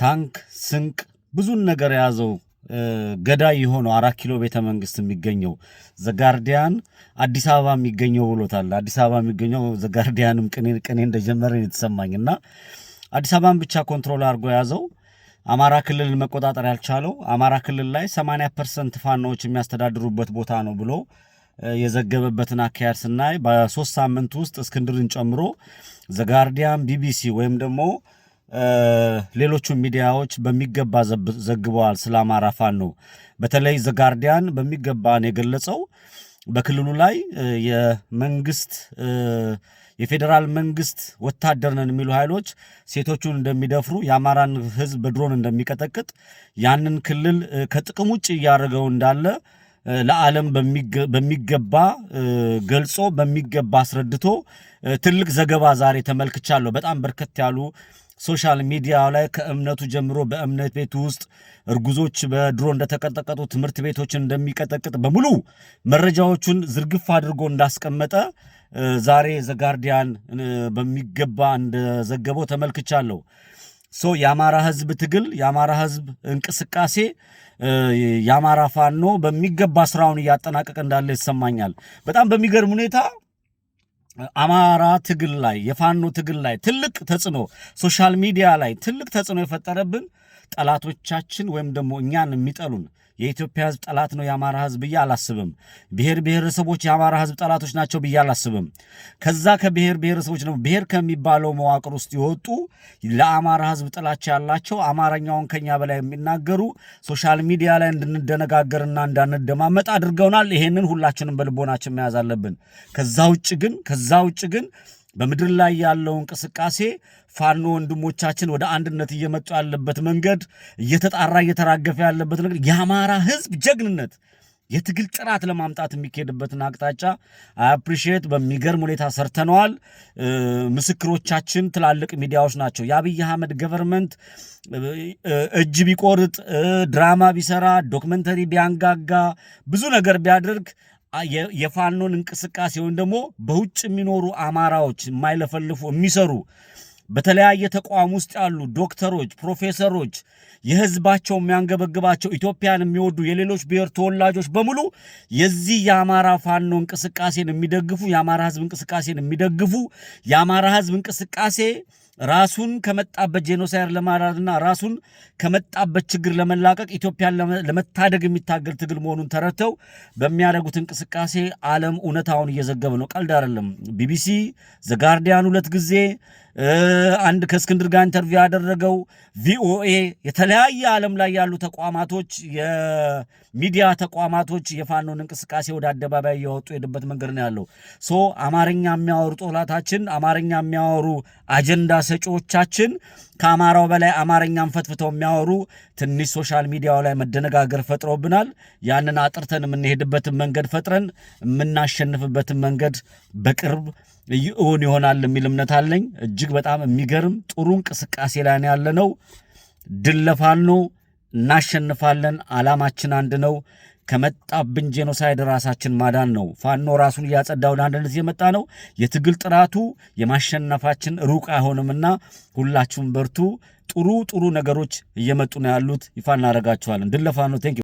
ታንክ፣ ስንቅ ብዙን ነገር የያዘው ገዳይ የሆነው አራት ኪሎ ቤተ መንግስት የሚገኘው ዘጋርዲያን አዲስ አበባ የሚገኘው ብሎታል። አዲስ አበባ የሚገኘው ዘጋርዲያንም ቅኔ እንደጀመረ የተሰማኝ እና አዲስ አበባን ብቻ ኮንትሮል አድርጎ የያዘው አማራ ክልል መቆጣጠር ያልቻለው አማራ ክልል ላይ 80 ፐርሰንት ፋኖዎች የሚያስተዳድሩበት ቦታ ነው ብሎ የዘገበበትን አካሄድ ስናይ በሶስት ሳምንት ውስጥ እስክንድርን ጨምሮ ዘጋርዲያን፣ ቢቢሲ ወይም ደግሞ ሌሎቹ ሚዲያዎች በሚገባ ዘግበዋል። ስለ አማራ ፋኖ በተለይ ዘጋርዲያን በሚገባ ነው የገለጸው። በክልሉ ላይ የመንግስት የፌዴራል መንግስት ወታደር ነን የሚሉ ኃይሎች ሴቶቹን እንደሚደፍሩ የአማራን ህዝብ በድሮን እንደሚቀጠቅጥ ያንን ክልል ከጥቅም ውጭ እያደረገው እንዳለ ለዓለም በሚገባ ገልጾ በሚገባ አስረድቶ ትልቅ ዘገባ ዛሬ ተመልክቻለሁ። በጣም በርከት ያሉ ሶሻል ሚዲያ ላይ ከእምነቱ ጀምሮ በእምነት ቤት ውስጥ እርጉዞች በድሮ እንደተቀጠቀጡ ትምህርት ቤቶችን እንደሚቀጠቅጥ በሙሉ መረጃዎቹን ዝርግፍ አድርጎ እንዳስቀመጠ ዛሬ ዘጋርዲያን በሚገባ እንደዘገበው ተመልክቻለሁ። ሶ የአማራ ህዝብ ትግል የአማራ ህዝብ እንቅስቃሴ የአማራ ፋኖ በሚገባ ስራውን እያጠናቀቀ እንዳለ ይሰማኛል። በጣም በሚገርም ሁኔታ አማራ ትግል ላይ የፋኖ ትግል ላይ ትልቅ ተጽዕኖ፣ ሶሻል ሚዲያ ላይ ትልቅ ተጽዕኖ የፈጠረብን ጠላቶቻችን ወይም ደግሞ እኛን የሚጠሉን የኢትዮጵያ ሕዝብ ጠላት ነው የአማራ ሕዝብ ብዬ አላስብም። ብሔር ብሔረሰቦች የአማራ ሕዝብ ጠላቶች ናቸው ብዬ አላስብም። ከዛ ከብሔር ብሔረሰቦች ነው ብሔር ከሚባለው መዋቅር ውስጥ የወጡ ለአማራ ሕዝብ ጥላቻ ያላቸው አማርኛውን ከኛ በላይ የሚናገሩ ሶሻል ሚዲያ ላይ እንድንደነጋገርና እንዳንደማመጥ አድርገውናል። ይሄንን ሁላችንም በልቦናችን መያዝ አለብን። ከዛ ውጭ ግን ከዛ ውጭ ግን በምድር ላይ ያለው እንቅስቃሴ ፋኖ ወንድሞቻችን ወደ አንድነት እየመጡ ያለበት መንገድ እየተጣራ እየተራገፈ ያለበት ነገር የአማራ ህዝብ ጀግንነት የትግል ጥራት ለማምጣት የሚካሄድበትን አቅጣጫ አፕሪሺየት በሚገርም ሁኔታ ሰርተነዋል። ምስክሮቻችን ትላልቅ ሚዲያዎች ናቸው። የአብይ አህመድ ገቨርመንት እጅ ቢቆርጥ፣ ድራማ ቢሰራ፣ ዶክመንተሪ ቢያንጋጋ፣ ብዙ ነገር ቢያደርግ የፋኖን እንቅስቃሴ ወይም ደግሞ በውጭ የሚኖሩ አማራዎች የማይለፈልፉ የሚሰሩ በተለያየ ተቋም ውስጥ ያሉ ዶክተሮች፣ ፕሮፌሰሮች የህዝባቸው የሚያንገበግባቸው ኢትዮጵያን የሚወዱ የሌሎች ብሔር ተወላጆች በሙሉ የዚህ የአማራ ፋኖ እንቅስቃሴን የሚደግፉ የአማራ ህዝብ እንቅስቃሴን የሚደግፉ የአማራ ህዝብ እንቅስቃሴ ራሱን ከመጣበት ጄኖሳይድ ለማዳንና ራሱን ከመጣበት ችግር ለመላቀቅ ኢትዮጵያን ለመታደግ የሚታገል ትግል መሆኑን ተረድተው በሚያደርጉት እንቅስቃሴ ዓለም እውነታውን እየዘገበ ነው። ቀልድ አይደለም። ቢቢሲ፣ ዘጋርዲያን ሁለት ጊዜ አንድ ከእስክንድር ጋር ኢንተርቪው ያደረገው ቪኦኤ፣ የተለያየ ዓለም ላይ ያሉ ተቋማቶች፣ የሚዲያ ተቋማቶች የፋኖን እንቅስቃሴ ወደ አደባባይ እያወጡ የሄደበት መንገድ ነው ያለው። ሶ አማርኛ የሚያወሩ ጦላታችን፣ አማርኛ የሚያወሩ አጀንዳ ሰጪዎቻችን ከአማራው በላይ አማርኛን ፈትፍተው የሚያወሩ ትንሽ ሶሻል ሚዲያው ላይ መደነጋገር ፈጥሮብናል። ያንን አጥርተን የምንሄድበትን መንገድ ፈጥረን የምናሸንፍበትን መንገድ በቅርብ እውን ይሆናል የሚል እምነት አለኝ። እጅግ በጣም የሚገርም ጥሩ እንቅስቃሴ ላይ ያለ ነው። ድል ለፋኖ! እናሸንፋለን። አላማችን አንድ ነው። ከመጣብን ጄኖሳይድ ራሳችን ማዳን ነው። ፋኖ ራሱን እያጸዳ ወደ አንድነት የመጣ ነው። የትግል ጥራቱ የማሸነፋችን ሩቅ አይሆንምና ሁላችሁም በርቱ። ጥሩ ጥሩ ነገሮች እየመጡ ነው ያሉት ይፋ እናደርጋችኋለን። ድል ለፋኖ ቴንክ